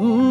time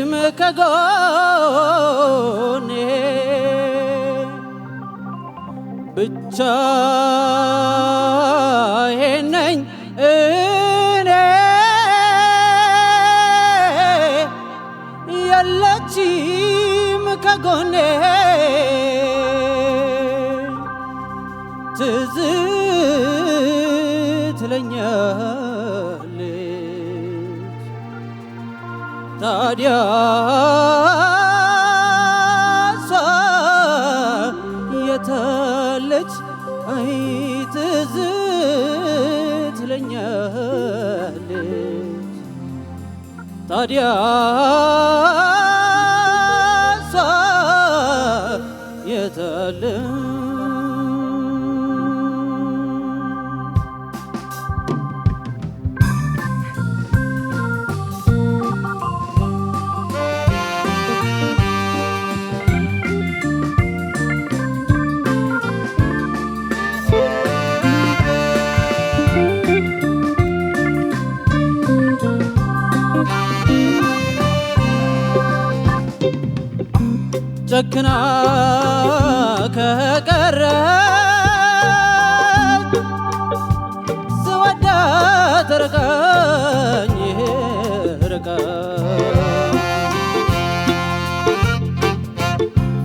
አንቺም ከጎኔ ብቻዬን እኔ የለችም ከጎኔ ታዲያ እሷ የተለች አይ ትለኛለች ታዲያ ጨክና ከቀረ ስወዳት ርቃኝ ርቃ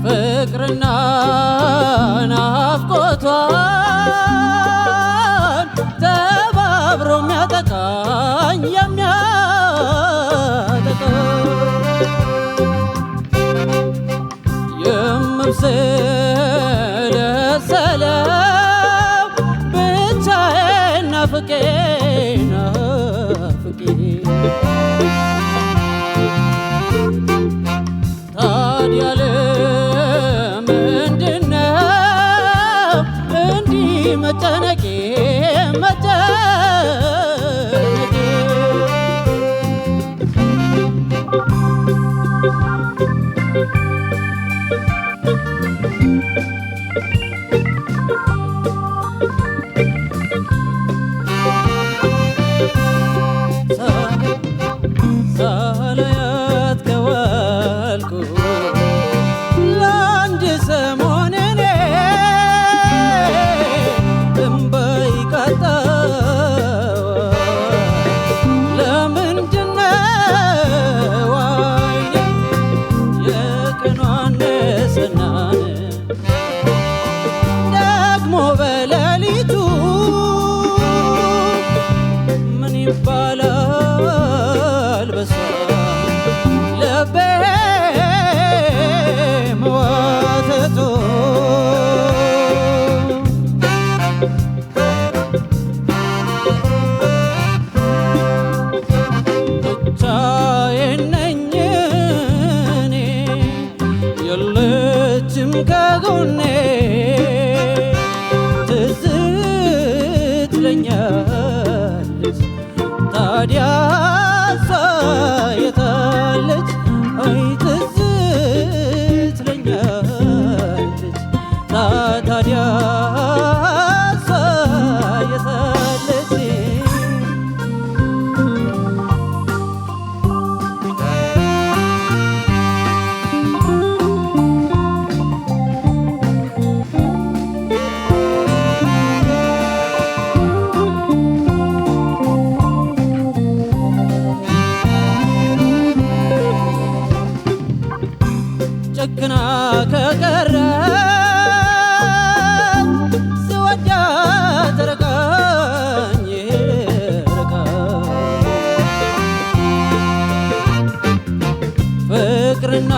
ፍቅርና ናፍቆቷን ተባብሮ የሚያጠቃኝ காலை the sun. ከቀረ ስወዳት ፍቅርና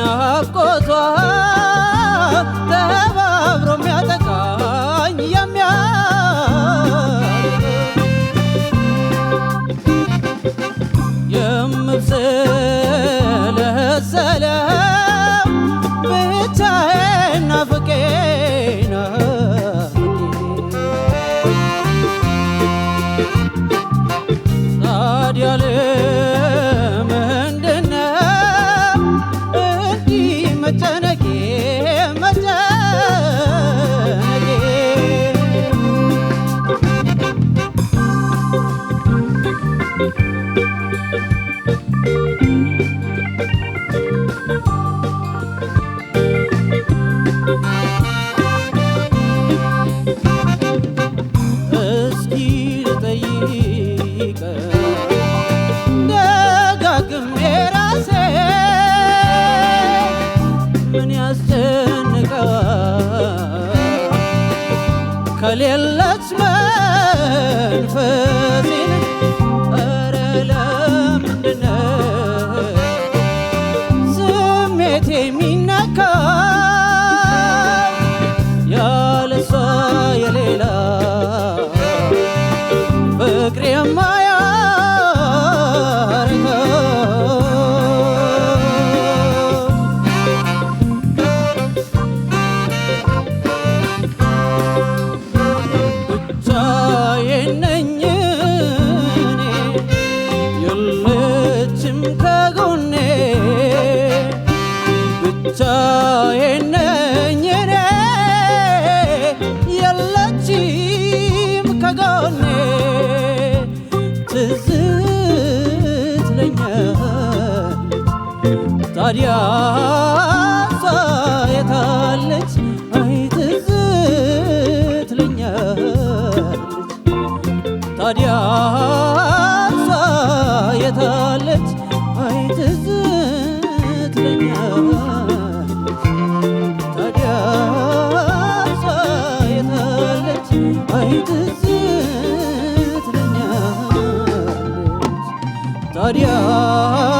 ናፍቆቷ ተባብሮ የሚያጠቃኝ የምብስ የለች መንፈስ ትዝ ትለኛለች ታዲያ Adios.